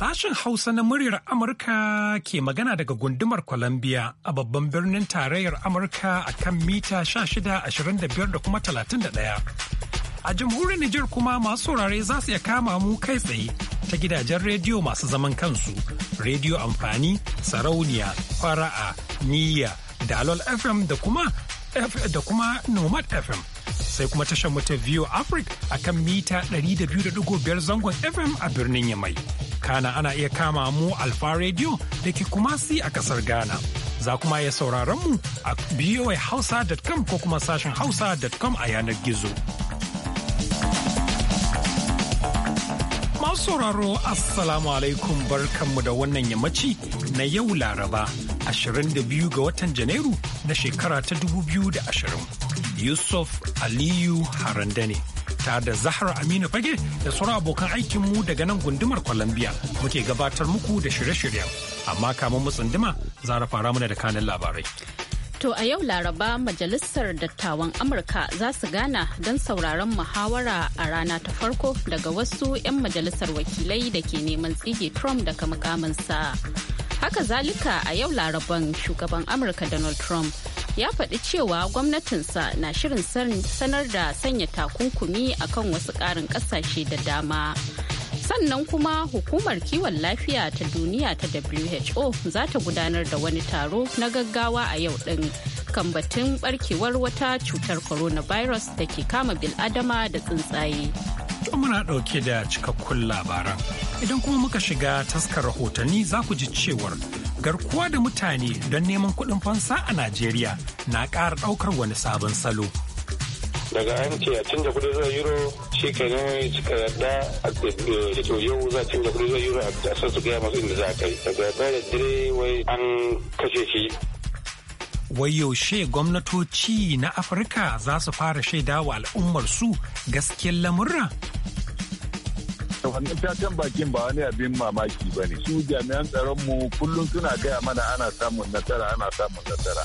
Sashen Hausa na muryar Amurka ke magana daga gundumar Columbia a babban birnin tarayyar Amurka a kan mita 1625 da kuma 31. A jamhuriyar Nijar kuma masu saurare za su iya kama mu kai tsaye ta gidajen rediyo masu zaman kansu, rediyo amfani, sarauniya, fara'a, niyya, dalol FM da kuma da kuma nomad fm sai kuma tashar mu ta View Africa a kan mita 200.5 zangon FM a birnin Yamai. Kana ana iya kama mu Alfa Radio da ke Kumasi a kasar Ghana. Za kuma iya sauraron mu a voahausa.com ko kuma sashen hausa.com a yanar gizo. Masu sauraro Assalamu alaikum barkanmu da wannan yammaci na yau Laraba 22 ga watan Janairu na shekara ta 2020. Yusuf Aliyu harandane Ta da Zahra Aminu Fage da sauran abokan aikinmu daga nan gundumar Columbia muke gabatar muku da shirye-shiryen. Amma kamun mu tsunduma zara fara mana da kanin labarai. To a yau Laraba Majalisar Dattawan Amurka za su gana don sauraron muhawara a rana ta farko daga wasu 'yan majalisar wakilai da ke neman tsige Trump daga mukaminsa. Haka zalika a yau Laraban shugaban Amurka Donald Trump ya faɗi cewa gwamnatinsa na shirin sanar da sanya takunkumi akan wasu ƙarin ƙasashe da dama. sannan kuma hukumar kiwon lafiya ta duniya ta who za ta gudanar da wani taro na gaggawa a yau ɗin kan batun barkewar wata cutar coronavirus da ke kama biladama da tsuntsaye to muna ɗauke da cikakkun labaran idan kuma muka shiga taskar rahotanni za ku ji cewar garkuwa da mutane don neman kuɗin fansa a najeriya na ƙara ɗaukar wani sabon salo daga an ce a canza kudi zuwa euro shi ka nan suka yarda a eh, to yau za a canza kudi zuwa euro a san su gaya masu inda za a kai daga yarda da dire wai an kashe shi wai yaushe gwamnatoci na afirka za su fara shaida wa al'ummar su gaskiyar lamurra wannan tatan bakin ba wani abin mamaki ba ne su jami'an tsaronmu kullum suna gaya mana ana samun nasara ana samun nasara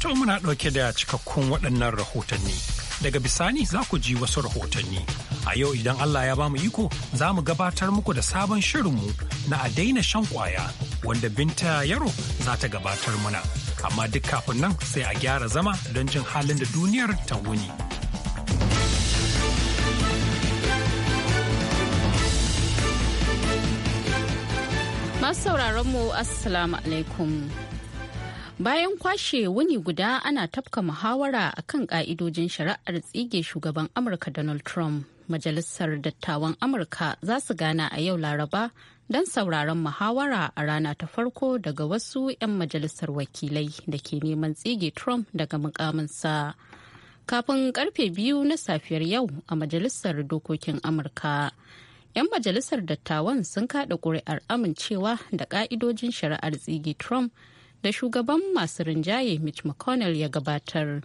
to muna ɗauke da cikakkun waɗannan rahotanni Daga bisani za ku ji wasu rahotanni. A yau idan Allah ya bamu iko za mu gabatar muku da sabon shirinmu na a daina shan kwaya wanda Binta Yaro za ta gabatar mana, Amma duk kafin nan sai a gyara zama don jin halin da duniyar ta wuni. Masu sauraron mu Assalamu alaikum. bayan kwashe wuni guda ana tafka muhawara a kan ka'idojin shari'ar tsige shugaban amurka donald trump majalisar dattawan amurka za su gana a yau laraba don sauraron muhawara a rana ta farko daga wasu 'yan majalisar wakilai da ke neman tsige trump daga mukaminsa kafin karfe biyu na safiyar yau a majalisar dokokin amurka 'yan majalisar dattawan sun kaɗa ƙuri'ar amincewa da ka'idojin shari'ar tsige trump da shugaban masu rinjaye mitch mcconnell ya gabatar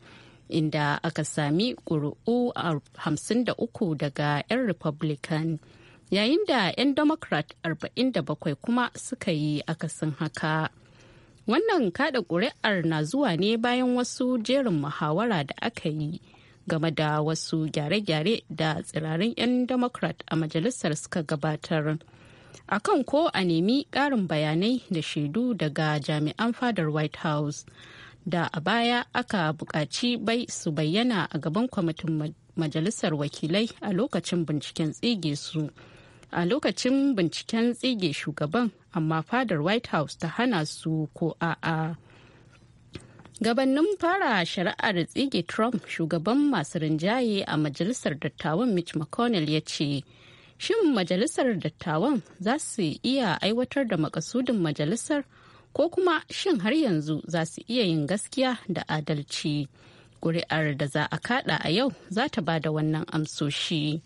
inda aka sami ƙuri'u 53 daga 'yan republican yayin da 'yan democrat 47 kuma suka yi akasin haka wannan kada ƙuri'ar na zuwa ne bayan wasu jerin muhawara da aka yi game da wasu gyare-gyare da tsirarin 'yan democrat a majalisar suka gabatar. akan ko a nemi ƙarin bayanai da shaidu daga jami'an fadar white house da a baya aka buƙaci bai su bayyana a gaban kwamitin majalisar wakilai a lokacin binciken tsige su a lokacin binciken tsige shugaban amma fadar white house ta hana su ko a'a. gabanin fara shari'ar tsige trump shugaban masu rinjaye a majalisar dattawan mitch mcconnell ya ce Shin majalisar dattawan za su iya aiwatar da makasudin majalisar ko kuma shin har yanzu za su iya yin gaskiya da adalci? Ƙuri'ar da za a kaɗa a yau za ta ba da wannan amsoshi.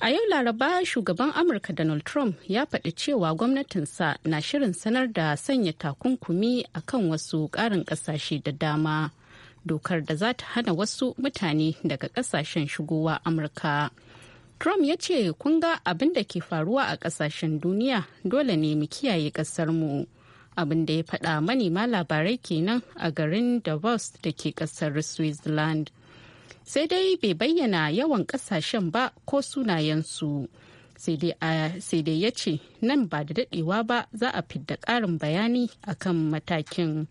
A yau Laraba shugaban Amurka Donald Trump ya faɗi cewa gwamnatinsa na shirin sanar da sanya takunkumi a kan wasu ƙarin ƙasashe da dama. Dokar da za ta hana wasu mutane daga ƙasashen shigowa Amurka Trump ya ce kun ga abin da ke faruwa a kasashen duniya dole ne mu kiyaye mu abin da ya faɗa manema labarai kenan a garin Davos da ke ƙasar Switzerland. Sai dai bai bayyana yawan ƙasashen ba ko sunayen su Sai dai ya ce nan ba da daɗewa ba za a fidda ƙarin bayani akan matakin.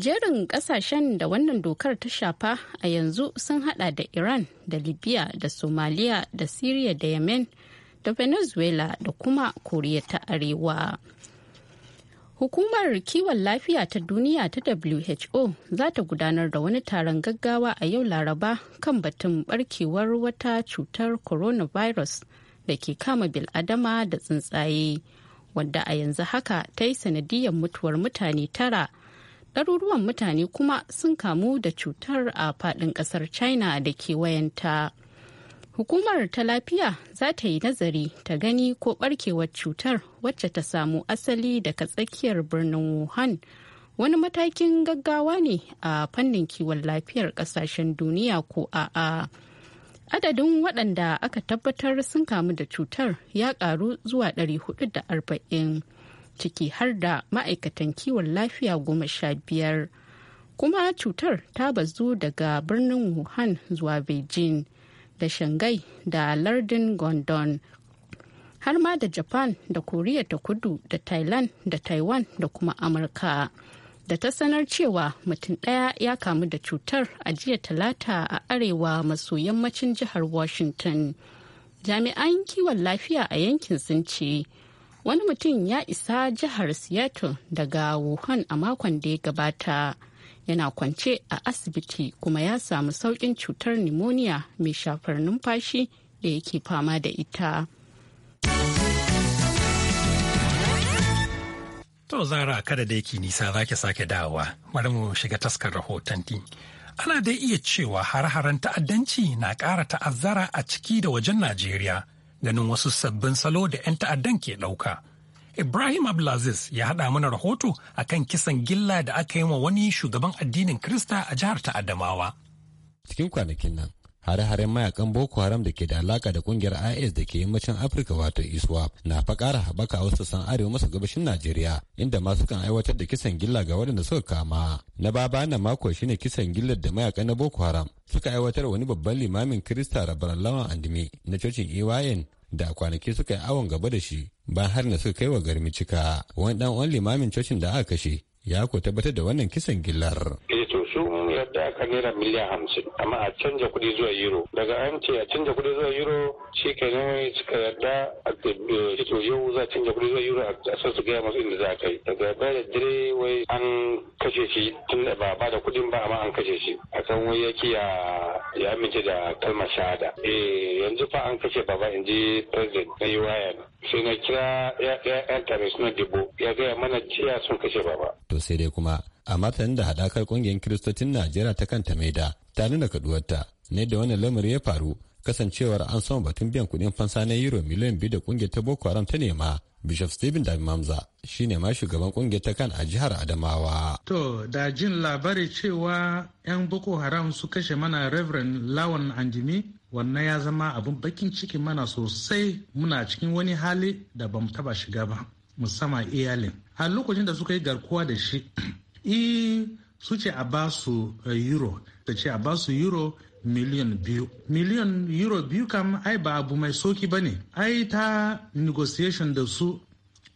jerin kasashen da wannan dokar ta shafa a yanzu sun hada da iran da libya da somalia da syria da yemen da venezuela da kuma koriya ta arewa hukumar kiwon lafiya ta duniya ta who za ta gudanar da wani taron gaggawa a yau laraba kan batun barkewar wata cutar coronavirus da ke kama bil'adama da tsuntsaye wadda a yanzu haka ta yi sanadiyar mutuwar mutane tara ɗaruruwan mutane kuma sun kamu da cutar a faɗin ƙasar china da kewayenta hukumar ta lafiya za ta yi nazari ta gani ko ɓarkewar cutar wacce ta samu asali daga tsakiyar birnin wuhan wani matakin gaggawa ne a fannin kiwon lafiyar ƙasashen duniya ko a'a adadin waɗanda aka tabbatar sun kamu da cutar ya ƙaru zuwa 440 ciki har da ma'aikatan kiwon lafiya goma sha biyar kuma cutar ta bazu daga birnin wuhan zuwa beijing da shanghai da lardin gondon har ma da japan da koriya ta kudu da thailand da taiwan da kuma amurka da ta sanar cewa mutum ɗaya ya kamu da cutar a jiya talata a arewa maso yammacin jihar washington jami'an kiwon lafiya a yankin sun ce wani mutum ya isa jihar seattle daga wuhan a makon da ya gabata yana kwance a asibiti kuma ya samu saukin cutar pneumonia mai shafar numfashi da yake fama da ita to zara kada da yake nisa za ki sake dawowa bari mu shiga taskar rahoton ana dai iya cewa har-haren ta'addanci na ƙara ta'azzara a ciki da wajen najeriya ganin wasu sabbin salo da 'yan ta'addan ke ɗauka. Ibrahim Abdulaziz ya haɗa mana rahoto a kan kisan gilla da aka yi wa wani shugaban addinin Krista a jihar ta Adamawa. Cikin kwanakin nan, hare-haren mayakan boko haram da ke da alaka da kungiyar is da ke yammacin afirka wato iswa e na fakara haɓaka a wasu san arewa masu gabashin najeriya inda masu kan aiwatar da kisan gilla ga waɗanda suka kama na baba na mako shine kisan gillar da mayakan na boko haram suka aiwatar wani babban limamin kirista rabar lawan andimi na cocin ayn e da kwanaki suka yi awon gaba da shi ba har na suka kai wa garmi cika wani dan limamin cocin da aka kashe ya ko tabbatar da wannan kisan gillar A naira miliyan hamsin amma a canja kuɗi zuwa euro daga an ce a canja kuɗi zuwa euro shi kenan suka yarda a cikin yau za a canja kuɗi zuwa euro a san su gaya masu inda za a kai daga baya da dare wai an kashe shi tun da ba ba da kuɗin ba amma an kashe shi kan wai yake ya ya amince da kalmar shahada eh yanzu fa an kashe baba in ji president na UIN sai na kira ya ya ya suna debo ya gaya mana jiya sun kashe baba to sai dai kuma a matsayin da hadakar kungiyar kiristocin najeriya ta kanta maida ta nuna kaduwarta ne da wannan lamari ya faru kasancewar an sama batun biyan kudin fansa na euro miliyan biyu da kungiyar ta boko haram ta nema bishop stephen david mamza shine ma shugaban kungiyar ta kan a jihar adamawa to da jin labari cewa yan boko haram su kashe mana reverend lawan anjimi wannan ya zama abin bakin ciki mana sosai muna cikin wani hali da bamu taba shiga ba musamman iyalin a lokacin da suka yi garkuwa da shi i e su ce a ba su eh, euro ta ce a ba su euro miliyan biyu miliyan euro biyu kam ai ba abu mai soki ba ne ai ta negotiation da su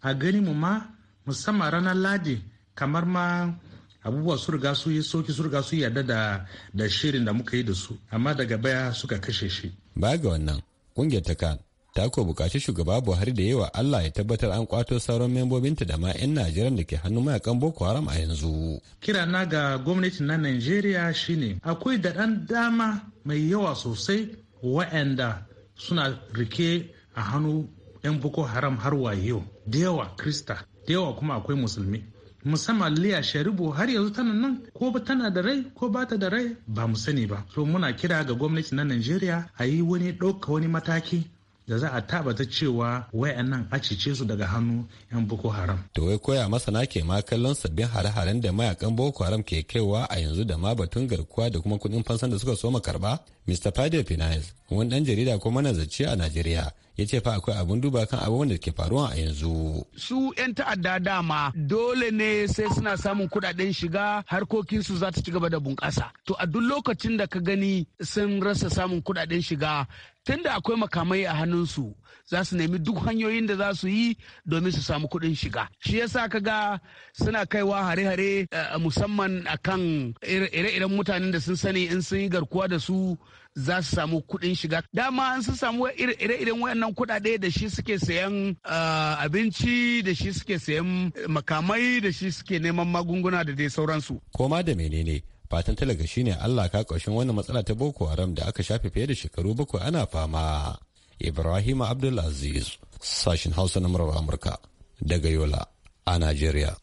a gani mu ma musamman ranar ladi kamar ma abubuwa su riga su yi soki su riga su yarda da da shirin da muka yi da su amma daga baya suka kashe shi baya ga wannan kungiyar ta kan ta ko bukaci shugaba buhari da yawa allah ya tabbatar an kwato sauran membobinta da ma 'yan najeriya da ke hannun mayakan boko haram a yanzu kira na ga gwamnati na najeriya shine akwai da ɗan dama mai yawa sosai wa'anda suna rike a hannu 'yan boko haram har wayo da yawa krista da yawa kuma akwai musulmi musamman liya sharibu har yanzu tana nan ko tana da rai ko ba ta da rai ba mu sani ba so muna kira ga gwamnati na nigeria a yi wani ɗauka wani mataki da za a tabata cewa wayannan a cice su daga hannu 'yan Boko Haram. To wai koya masana ke ma kallon sabbin hare-haren da mayakan Boko Haram ke kaiwa a yanzu da ma batun garkuwa da kuma kudin fansan da suka soma karba? Mr. Fadil Finance, wani ɗan jarida ko manazarci a Najeriya, ya ce fa akwai abin duba kan abubuwan da ke faruwa a yanzu. Su 'yan ta'adda dama dole ne sai suna samun kudaden shiga harkokinsu za ta ci gaba da bunƙasa. To a duk lokacin da ka gani sun rasa samun kudaden shiga tunda akwai makamai a hannunsu za su nemi duk hanyoyin da za su yi domin su samu kuɗin shiga shi yasa ka ga suna kaiwa hare-hare eh, musamman akan ire-iren mutanen da sun sani in sun yi garkuwa da su za su samu kuɗin shiga dama an su samu ire-iren wayannan kuɗaɗe da shi suke sayan ah, abinci da shi suke sayan makamai da shi suke neman magunguna da dai sauransu koma da menene fatan talaga shine Allah ka ƙarshen wannan matsala ta Boko Haram da aka shafe fiye da shekaru bakwai ana fama Ibrahim Abdulaziz sashin Hausa na murar Amurka daga Yola a Najeriya.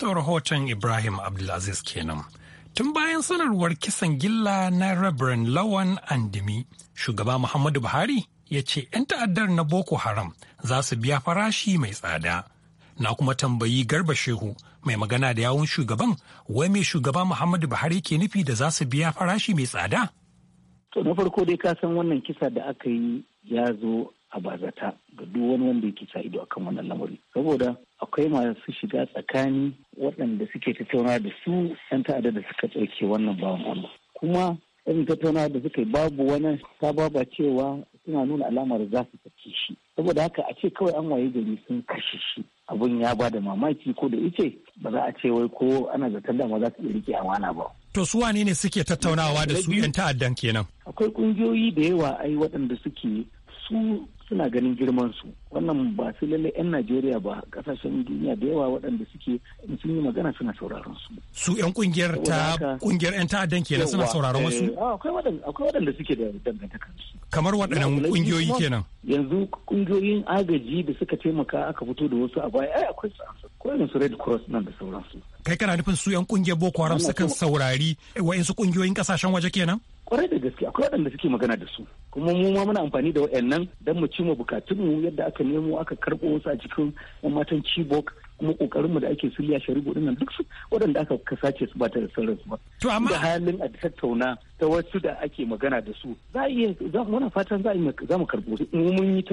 rahoton Ibrahim Abdulaziz kenan. Tun bayan sanarwar kisan gilla na Reverend Lawan Andimi, shugaba Muhammadu Buhari ya ce 'yan ta'addar na Boko Haram za su biya farashi mai tsada. Na kuma tambayi Garba Shehu mai magana da yawun shugaban wai mai shugaba Muhammadu Buhari ke nufi da za su biya farashi mai tsada? To na farko dai ka san wannan kisa da aka yi ya zo a bazata ga duk wani wanda yake sa ido akan wannan lamari. Saboda akwai masu shiga tsakani waɗanda suke tattauna da su 'yan ta'adda da suka ɗauke wannan bawan Allah. Kuma irin tattauna da suka yi babu wani sababa cewa suna nuna alamar za su sake shi. Saboda haka a ce kawai an waye gari sun kashe shi. Abun ya ba da mamaki ko da ice ba za a ce wai ko ana zaton dama za su iya rike amana ba. To su wane ne suke tattaunawa da su 'yan ta'addan kenan? Akwai ƙungiyoyi da yawa ai waɗanda suke su suna ganin girman su wannan ba su lalle 'yan najeriya ba kasashen duniya da yawa waɗanda suke sun yi magana suna sauraron su su 'yan kungiyar ta kungiyar 'yan ta'addan kenan suna sauraron wasu eh, akwai waɗanda suke da dangantaka kamar waɗannan kungiyoyi kenan yanzu kungiyoyin agaji da suka taimaka aka fito da wasu a baya ai akwai su akwai su red cross nan da sauransu kai kana nufin su 'yan kungiyar boko haram sukan saurari wa'insu kungiyoyin kasashen waje kenan kwarai da gaske akwai waɗanda suke magana da su kuma mu ma muna amfani da waɗannan don mu cimma bukatunmu yadda aka nemo aka karɓo wasu a cikin yan matan chibok kuma mu da ake suliya sharibu dinnan duk su waɗanda aka kasace su ba ta da sauran su ba. To amma da halin a tattauna ta wasu da ake magana da su za a iya za mu na fatan za za mu karɓo su mu mun yi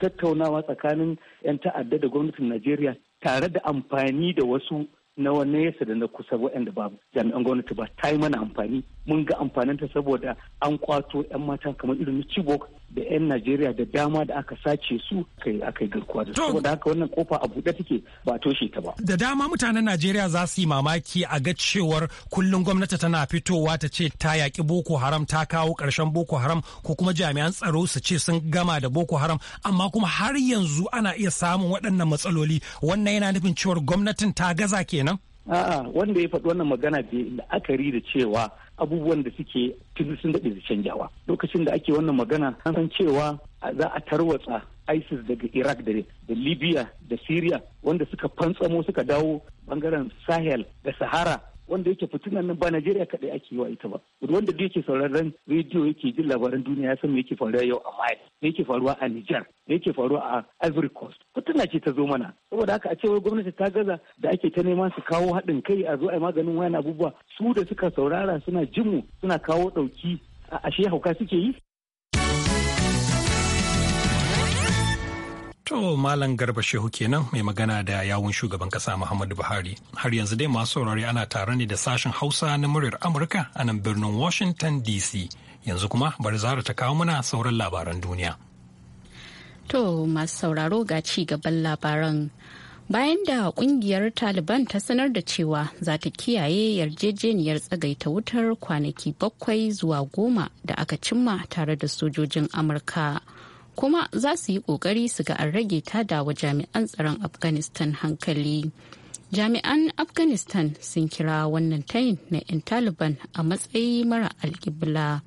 tattaunawa tsakanin yan ta'adda da gwamnatin Najeriya tare da amfani da wasu nawa na yasa da na kusa waɗanda ba jami'an gwamnati ba ta yi mana amfani mun ga amfaninta saboda an kwato 'yan mata kamar irin cibok da 'yan Najeriya da dama da aka sace su aka yi garkuwa da saboda haka wannan kofa a buɗe take ba toshe ta ba. Da dama mutanen Najeriya za su yi mamaki a ga cewar kullum gwamnati tana fitowa ta ce ta yaƙi Boko Haram ta kawo ƙarshen Boko Haram ko kuma jami'an tsaro su ce sun gama da Boko Haram amma kuma har yanzu ana iya samun waɗannan matsaloli wannan yana nufin cewar gwamnatin ta gaza kenan. A'a wanda ya faɗi wannan magana da la'akari da cewa abubuwan da suke tun sun daɗe da canjawa lokacin da ake wannan magana an san cewa za a tarwatsa isis daga iraq da libya da syria wanda suka fantsamo suka dawo bangaren sahel da sahara wanda yake fitinan nan ba Najeriya kaɗai ake yi wa ita ba wanda da yake sauraron rediyo yake jin labaran duniya ya san me yake faruwa yau a Mali me yake faruwa a Niger me yake faruwa a Ivory Coast fitina ce ta zo mana saboda haka a cewar gwamnati ta gaza da ake ta neman su kawo haɗin kai a zo a maganin wayan abubuwa su da suka saurara suna jinmu suna kawo ɗauki a ashe hauka suke yi To Malam Garba Shehu kenan mai magana da yawun shugaban kasa Muhammadu Buhari. Har yanzu dai masu saurari ana tare ne da sashen Hausa na muryar Amurka a nan birnin Washington DC. Yanzu kuma bari zara ta kawo muna sauran labaran duniya. To masu sauraro ga ci gaban labaran. Bayan da kungiyar Taliban ta sanar da cewa za ta kiyaye yarjejeniyar tsagaita wutar kwanaki bakwai zuwa goma da aka cimma tare da sojojin Amurka. kuma za su yi kokari su ga an rage tada wa jami'an tsaron afghanistan hankali jami'an afghanistan sun kira wannan tayin na 'yan taliban a matsayi mara alkibla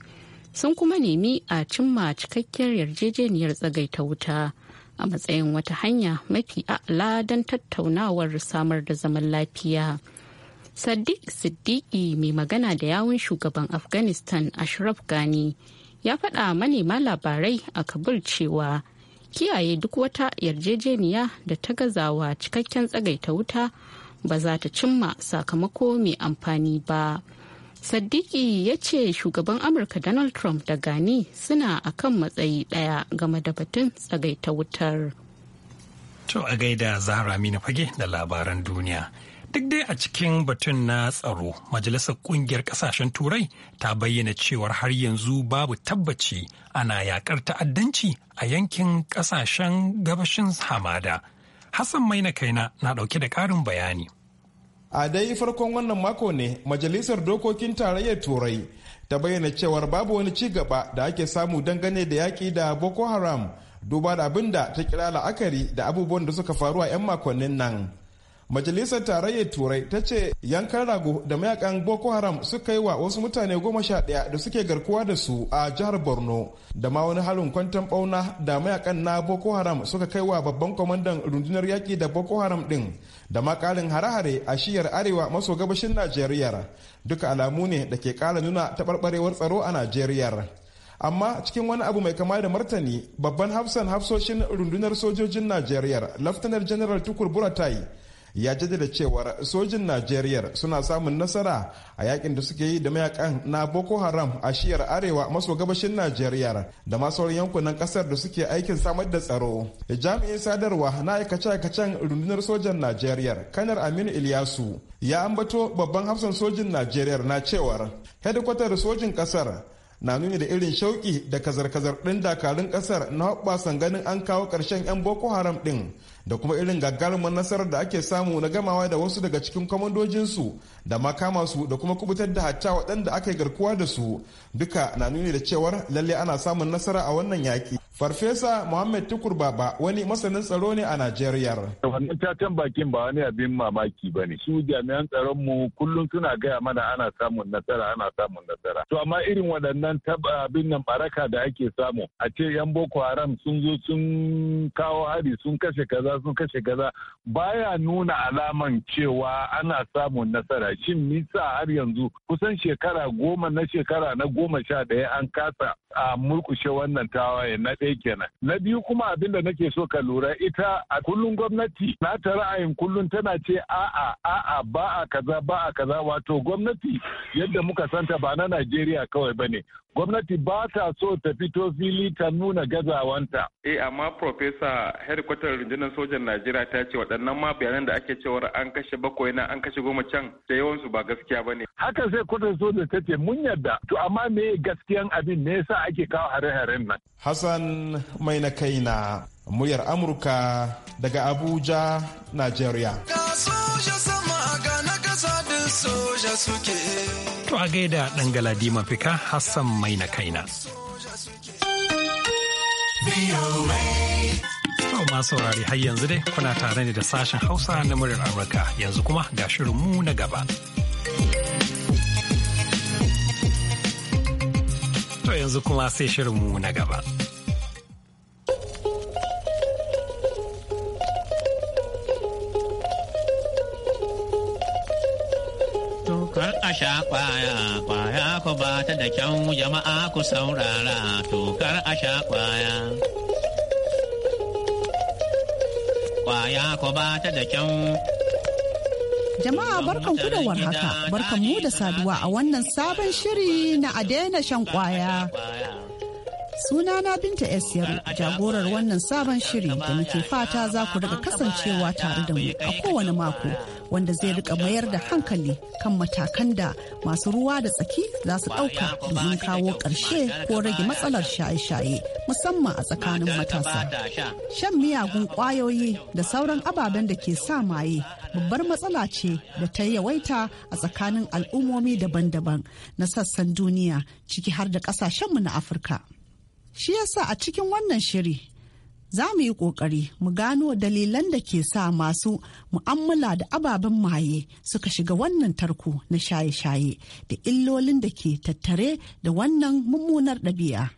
sun kuma nemi a cimma cikakkiyar yarjejeniyar tsagaita wuta a matsayin wata hanya mafi a'la don tattaunawar samar da zaman lafiya sadiq siddiqi mai magana da yawun shugaban afghanistan ashraf ghani ya faɗa manema labarai a kabul cewa kiyaye duk wata yarjejeniya da ta gazawa cikakken tsagaita wuta ba za ta cimma sakamako mai amfani ba saddiki ya ce shugaban amurka donald trump da gani suna a kan matsayi ɗaya game da batun tsagaita wutar to a gaida zahra mina fage da labaran duniya Duk dai a cikin batun na tsaro, Majalisar Ƙungiyar Ƙasashen Turai ta bayyana cewar har yanzu babu tabbaci ana yakar ta'addanci a yankin ƙasashen gabashin hamada. Hassan Maina Kaina na ɗauke da ƙarin bayani. A dai farkon wannan mako ne Majalisar Dokokin Tarayyar Turai ta bayyana cewar babu wani ci gaba da ake samu dangane da yaƙi da Boko Haram duba da abin da ta kira la'akari da abubuwan da suka faru a 'yan makonnin nan. majalisar tarayyar turai ta ce yankan rago da mayakan boko haram suka yi wa wasu mutane goma sha ɗaya da suke garkuwa da su a jihar borno da ma wani harin kwantan bauna da mayakan na boko haram suka kai wa babban kwamandan rundunar yaƙi da boko haram ɗin da ma ƙarin hare-hare a shiyar arewa maso gabashin najeriya duka alamu ne da ke ƙara nuna taɓarɓarewar tsaro a najeriya amma cikin wani abu mai kama da martani babban hafsan hafsoshin rundunar sojojin najeriya laftanar general tukur buratai ya jaddada cewar sojin najeriya suna samun nasara a yakin da suke yi da mayakan na boko haram a shiyar arewa maso gabashin najeriya da ma sauran yankunan kasar da suke aikin samar da tsaro jami'in sadarwa na aikace-aikacen rundunar sojan najeriya kanar aminu ilyasu ya ambato babban hafsan sojin najeriya na cewar hedikwatar sojin kasar na nuni da irin shauki da kazar-kazar ɗin dakarun ƙasar na hoɓɓasan ganin an kawo ƙarshen 'yan boko haram ɗin da kuma irin gagarumin nasarar da ake samu na gamawa da wasu daga cikin kwamandojinsu da makama su da kuma kubutar da hatta waɗanda aka yi garkuwa da su duka na nuni da cewar lalle ana samun nasara a wannan yaƙi Farfesa Muhammad Tukur Baba wani masanin tsaro ne a Najeriya. Wannan tatan bakin ba wani abin mamaki ba ne. Su jami'an tsaron mu kullum suna gaya mana ana samun nasara ana samun nasara. To amma irin waɗannan taba abin nan baraka da ake samu a ce yan Boko Haram sun zo sun kawo hari sun kashe kaza sun kashe kaza baya nuna alaman cewa ana samun nasara. Shin nisa har yanzu kusan shekara goma na shekara na goma sha daya an kasa a murkushe wannan tawaye na ɗaya ɗaya kenan na biyu kuma abin da nake so ka lura ita a kullun gwamnati na ta ra'ayin kullun tana ce a'a a'a ba a kaza ba a kaza wato gwamnati yadda muka santa ba na Najeriya kawai ba ne gwamnati ba ta so ta fito fili ta nuna gazawanta. Eh amma Profesa hedkwatar rundunar sojan Najeriya ta ce waɗannan ma bayanan da ake cewar an kashe bakwai na an kashe goma can da yawansu ba gaskiya ba ne. Haka sai kwatar sojan ta ce mun yarda to amma me gaskiyan abin ne yasa ake kawo hare-haren nan. Hassan An mai na kaina muryar Amurka daga Abuja, Najeriya. To a gaida ɗan galadi mafika Hassan mai na kaina. ma saurari har yanzu dai kuna tare ne da sashen Hausa na muryar Amurka yanzu kuma ga shirinmu na gaba. To yanzu kuma sai shirin mu na gaba. sha kwaya kwaya ku ba ta da kyau jama'a ku saurara tokar a sha kwaya kwaya ku ba ta da kyau Jama'a barkan ku da warhaka, barkan mu da saduwa a wannan sabon shiri na a daina shan kwaya. na Binta Esiyaru jagorar wannan sabon shiri da nake fata za ku daga kasancewa tare da mu a kowane mako. wanda zai rika mayar da hankali kan matakan da masu ruwa da tsaki za su ɗauka domin kawo ƙarshe ko rage matsalar shaye-shaye musamman a tsakanin matasa. Shan miyagun ƙwayoyi da sauran ababen da ke sa maye babbar matsala ce da ta yawaita a tsakanin al'ummomi daban-daban na sassan duniya ciki har da ƙasashenmu na Afirka. Shi yasa a cikin wannan shiri za mu yi ƙoƙari mu gano dalilan da ke sa masu mu'amala da ababen maye suka shiga wannan tarko na shaye-shaye da illolin da ke tattare da wannan mummunar ɗabi'a.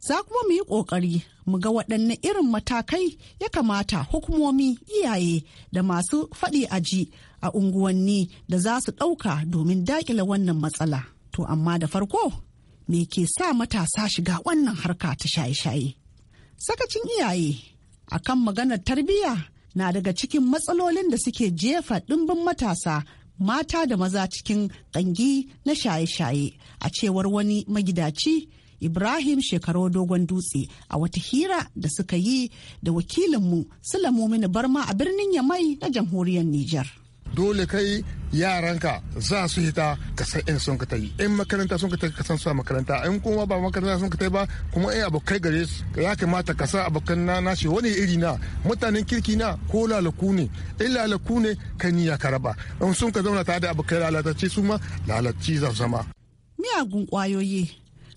Za kuma mu yi ƙoƙari mu ga waɗanne irin matakai ya kamata hukumomi iyaye da masu faɗi aji a unguwanni da za su ɗauka domin daƙile wannan matsala. To amma da farko, me ke sa matasa shiga wannan harka ta shaye-shaye? sakacin iyaye a kan maganar tarbiyya na daga cikin matsalolin da suke jefa ɗimbin matasa mata da maza cikin ƙangi na shaye-shaye a cewar wani magidaci ibrahim shekaru dogon dutse a wata hira da suka yi da wakilinmu sulamu mini barma a birnin yamai na jamhuriyar nijar dole kai yaranka za su hita ka san in sun ka ta yi in makaranta sun ka ta ka makaranta in kuma ba makaranta sun ka ta ba kuma in abokai gare su ya kamata ka sa abokan na na wani iri na mutanen kirki na ko lalaku ne in lalaku ne ka niya ka raba in sun ka zauna tare da abokai lalatacce su ma lalatacce za zama. miyagun kwayoyi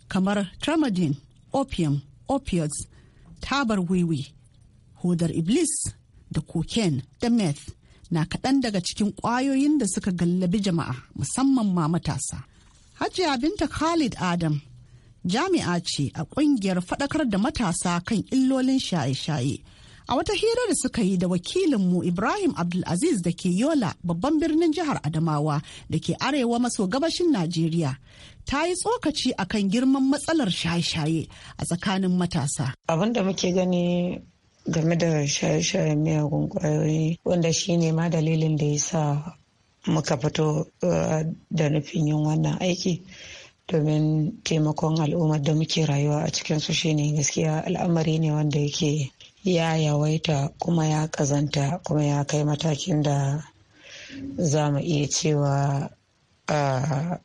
kamar tramadin opium opioids tabar wiwi hodar iblis da cocaine da meth na kaɗan daga cikin ƙwayoyin da suka gallabi jama'a musamman ma matasa. Hajiya binta Khalid Adam jami'a ce a ƙungiyar faɗakar da matasa kan illolin shaye-shaye. A wata hira da suka yi da wakilinmu Ibrahim Abdulaziz da ke Yola babban birnin jihar Adamawa da ke arewa maso gabashin Najeriya. ta yi tsokaci akan girman matsalar shaye-shaye a tsakanin matasa. Abin da muke gani game da shaye-shayen miyagun kwayoyi wanda shi ne ma dalilin da ya sa muka fito eh, da nufin yin wannan aiki domin taimakon al'ummar da muke rayuwa a cikinsu ne gaskiya al'amari ne wanda yake ya yawaita kuma ya kazanta kuma ya kai matakin da za mu iya cewa eh,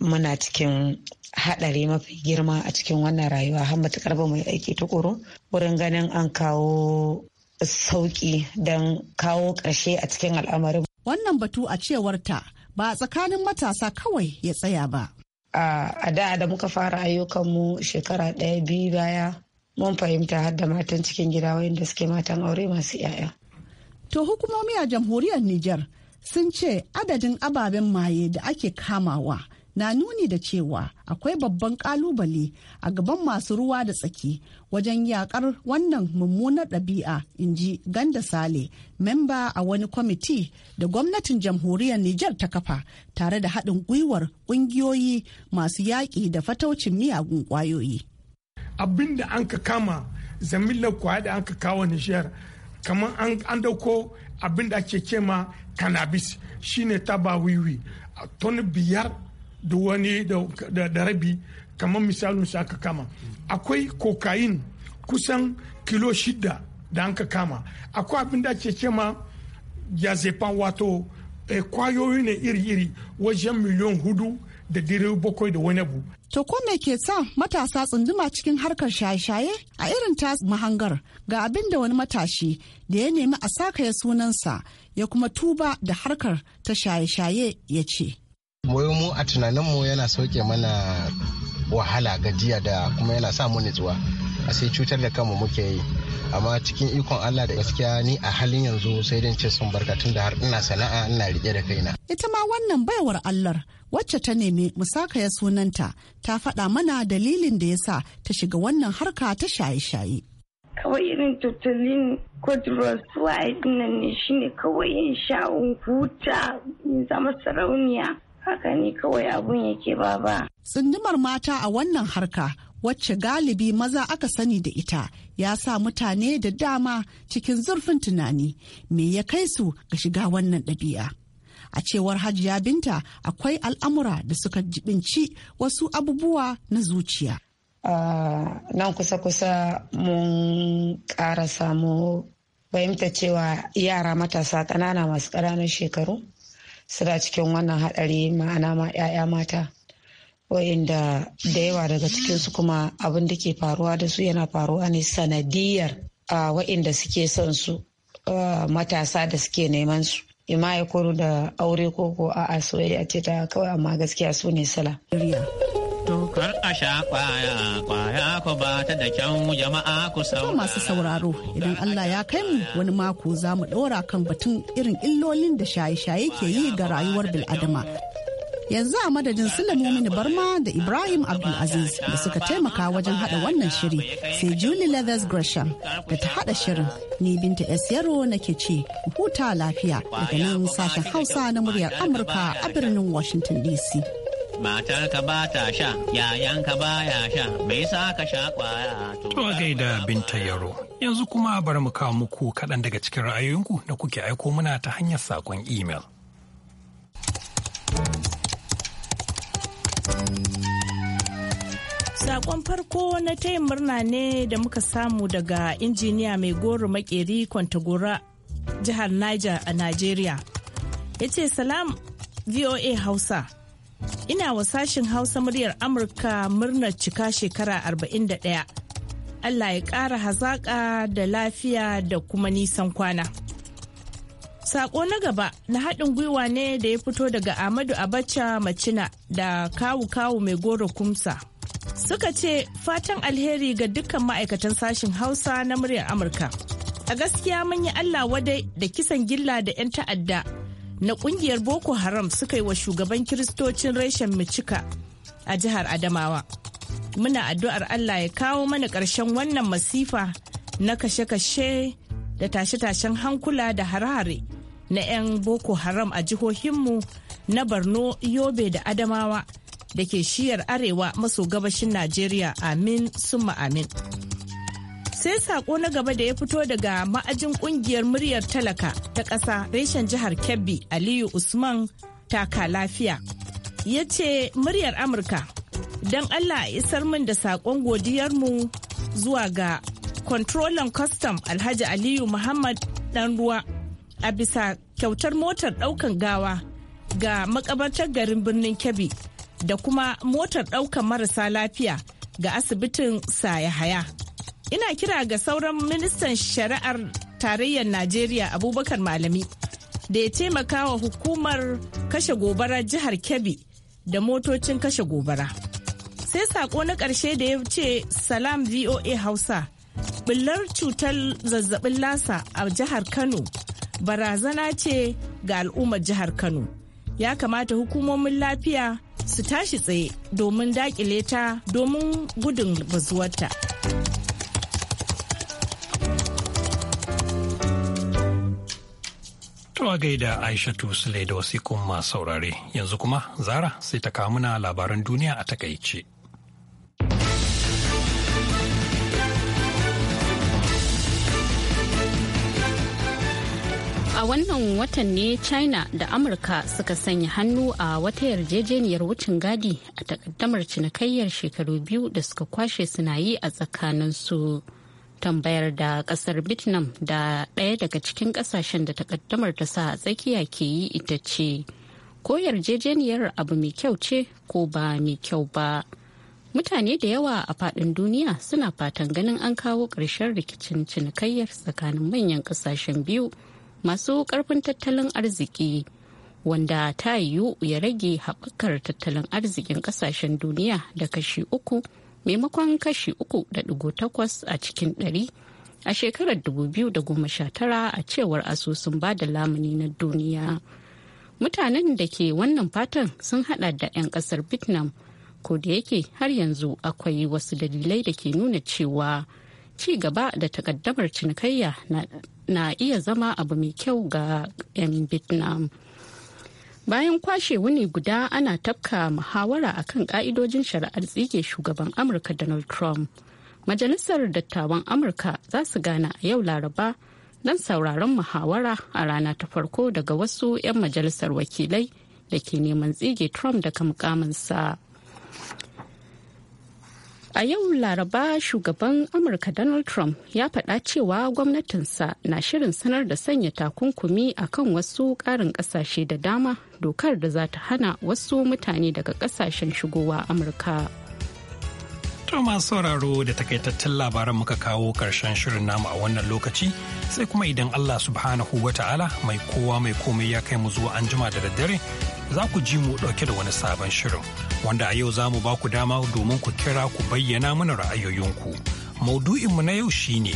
muna cikin haɗari mafi girma a cikin wannan rayuwa har matuƙar ba mai aiki tukuru wurin ganin an kawo sauƙi don kawo ƙarshe a cikin al'amarin. Wannan batu a cewar ta ba a tsakanin matasa kawai ya tsaya ba. A da da muka fara ayyukanmu shekara ɗaya biyu baya mun fahimta har da matan cikin gida wayanda suke matan aure masu 'ya'ya. To hukumomi a jamhuriyar Nijar sun ce adadin ababen maye da ake kamawa na nuni da cewa akwai babban kalubale a gaban masu ruwa da tsaki wajen yakar wannan mummunar ɗabi'a in ji ganda sale memba a wani kwamiti da gwamnatin jamhuriyar niger ta kafa tare da haɗin gwiwar ƙungiyoyi masu yaƙi da fataucin miyagun ƙwayoyi abin da an ka kama zamillar kwaya da an ka kawo nijar kamar an dauko abin da ake kema cannabis shine taba wiwi a ton biyar duk wani da rabi kamar misalin su aka kama akwai kokain kusan kilo shida da an ka kama akwai abin da ake cema yazefan wato eh, kwayoyi ne iri-iri wajen miliyan hudu da dire bakwai da wani abu. To ko me ke sa matasa tsunduma cikin harkar shaye-shaye a irin ta mahangar ga abin da wani matashi da ya nemi a ya sunansa ya kuma tuba da harkar ta shaye-shaye ya ce. mu a tunaninmu yana sauke mana wahala gajiya da kuma yana sa mu nutsuwa a sai cutar da kanmu muke yi amma cikin ikon Allah da gaskiya ni a halin yanzu sai dan ce sun barka tun da har ina sana'a ina rike da kaina ita ma wannan baiwar Allah wacce ta nemi musaka ya sunanta ta faɗa mana dalilin da yasa ta shiga wannan harka ta shaye-shaye kawai irin totalin kodros suwa nan ne shine kawai yin sha'un huta zama sarauniya haka ne kawai abun yake baba. Tsundumar mata a wannan harka wacce galibi maza aka sani da ita ya sa mutane da dama cikin zurfin tunani me ya kai su ga shiga wannan ɗabi'a. A cewar Hajiya Binta akwai al'amura da suka jibinci wasu abubuwa na zuciya. a nan kusa-kusa mun ƙara samu fahimta cewa yara matasa ƙanana masu ƙananan shekaru suna cikin wannan haɗari ma'ana ma 'ya'ya mata wa'inda da yawa daga cikinsu kuma abin da ke faruwa da su yana faruwa ne sanadiyar a wa'inda suke son su matasa da suke neman su ima ya da aure ko a a'a soyayya ce ta kawai amma gaskiya su ne sala. kar a sha kwaya kwaya ku ba ta da kyau jama'a ku sau. masu sauraro idan Allah ya kai mu wani mako za mu ɗora kan batun irin illolin da shaye-shaye ke yi ga rayuwar bil'adama. Yanzu a madadin Sulaimu Barma da Ibrahim Abdulaziz da suka taimaka wajen haɗa wannan shiri sai Julie Leathers Gresham da ta haɗa shirin ni binta S Yaro nake ce huta lafiya daga nan sashen Hausa na muryar Amurka a birnin Washington DC. matarka ba ta sha yayanka ba ya sha bai sa ka sha kwaya to a gaida binta yaro yanzu kuma bar mu kawo muku kaɗan daga cikin ra'ayoyinku da kuke aiko muna ta hanyar saƙon imel. Saƙon farko na tayin murna ne da muka samu daga injiniya mai goro makeri kwantagora jihar Niger a Najeriya. Ya ce salam VOA Hausa. Ina wa sashin Hausa muryar Amurka murnar cika shekara 41. Allah ya ƙara hazaƙa da lafiya da kuma nisan kwana. Saƙo na gaba na haɗin gwiwa ne da ya fito daga Ahmadu Abacha Macina da kawu kawu mai goro kumsa. Suka ce fatan alheri ga dukkan ma'aikatan sashin Hausa na muryar Amurka. A gaskiya mun yi Allah wadai da kisan gilla da 'yan ta'adda na kungiyar Boko Haram suka yi wa shugaban kiristocin reshen Micika a jihar Adamawa. Muna addu'ar Allah ya kawo mana ƙarshen wannan masifa na kashe-kashe da tashe-tashen hankula da harare na 'yan Boko Haram a jihohinmu na Borno, Yobe da Adamawa da ke shiyar arewa maso gabashin Najeriya amin summa amin. sai sako na gaba da ya fito daga ma'ajin kungiyar muryar talaka ta ƙasa reshen jihar kebbi aliyu usman taka lafiya ya ce muryar amurka don allah isar min da sakon godiyarmu zuwa ga controller custom alhaji aliyu muhammad dan ruwa a bisa kyautar motar ɗaukan gawa ga makabartar garin birnin kebbi da kuma motar ɗaukan marasa lafiya ga asibitin sayahaya ina kira ga sauran ministan shari'ar tarayyar najeriya abubakar malami da ya taimaka wa hukumar kashe gobara jihar kebbi da motocin kashe gobara sai sako na ƙarshe da ya ce salam voa hausa bullar cutar zazzabin lasa a jihar kano barazana ce ga al'ummar jihar kano ya kamata hukumomin lafiya su tashi tsaye domin dakile ta domin gudun bazuwarta. To a gaida Aishatu Sule da wasikun masu saurare yanzu kuma Zara sai ta kawo mana labaran duniya a takaice. A wannan watan ne China da Amurka suka sanya hannu a wata yarjejeniyar wucin gadi a takaddamar cinikayyar shekaru biyu da suka kwashe suna a tsakaninsu. su. tambayar da kasar vietnam da ɗaya daga cikin ƙasashen da takaddamar ta sa a tsakiya ke yi ita ce ko yarjejeniyar abu mai kyau ce ko ba mai kyau ba mutane da yawa a faɗin duniya suna fatan ganin an kawo ƙarshen rikicin cinikayyar tsakanin manyan ƙasashen biyu masu ƙarfin tattalin arziki wanda ta yiwu ya rage haɓakar tattalin arzikin ƙasashen duniya da kashi uku maimakon kashi uku da takwas a cikin ɗari a shekarar 2019 a cewar asusun bada lamuni na duniya. Mutanen da ke wannan fatan sun hada da 'yan kasar Vietnam, ko da yake har yanzu akwai wasu dalilai da ke nuna cewa ci gaba da takaddamar cinikayya na iya zama abu mai kyau ga 'yan Vietnam. bayan kwashe wuni guda ana tafka muhawara a kan ka'idojin shari'ar tsige shugaban amurka donald trump majalisar dattawan amurka za su gana a yau laraba don sauraron muhawara a rana ta farko daga wasu 'yan majalisar wakilai da ke neman tsige trump daga mukamansa. A yau Laraba shugaban Amurka Donald Trump ya faɗa cewa gwamnatinsa na shirin sanar da sanya takunkumi a kan wasu ƙarin ƙasashe da dama dokar da za ta hana wasu mutane daga ƙasashen shigowa Amurka. To masu sauraro da takaitattun labaran muka kawo karshen shirin namu a wannan lokaci sai kuma idan Allah subhanahu wa ta'ala mai kowa mai komai ya kai mu zuwa an jima da daddare za ku ji mu ɗauke da wani sabon shirin wanda a yau za mu ba ku dama domin ku kira ku bayyana mana ra'ayoyinku. Maudu'inmu na yau shine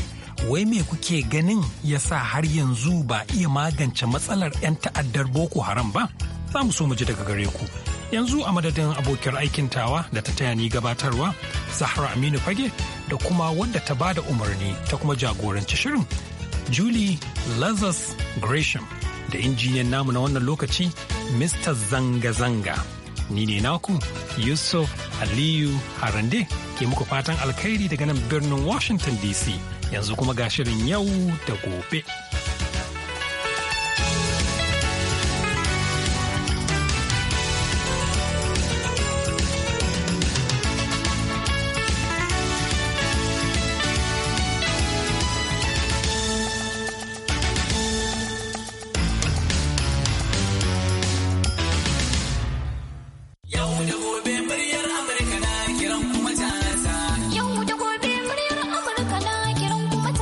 wai me kuke ganin ya sa har yanzu ba iya magance matsalar 'yan ta'addar Boko Haram ba? za mu so mu ji daga gare ku. Yanzu a madadin abokiyar aikin tawa da ta taya ni gabatarwa, Zahra Aminu Fage da kuma wadda ta ba da umarni ta kuma jagoranci shirin, Julie Lazarus Gresham da injiniyan namu na wannan lokaci, Mr. Zanga-Zanga. Ni ne naku Yusuf Aliyu Harande ke muku fatan alkhairi daga nan birnin Washington DC. Yanzu kuma ga shirin yau da gobe.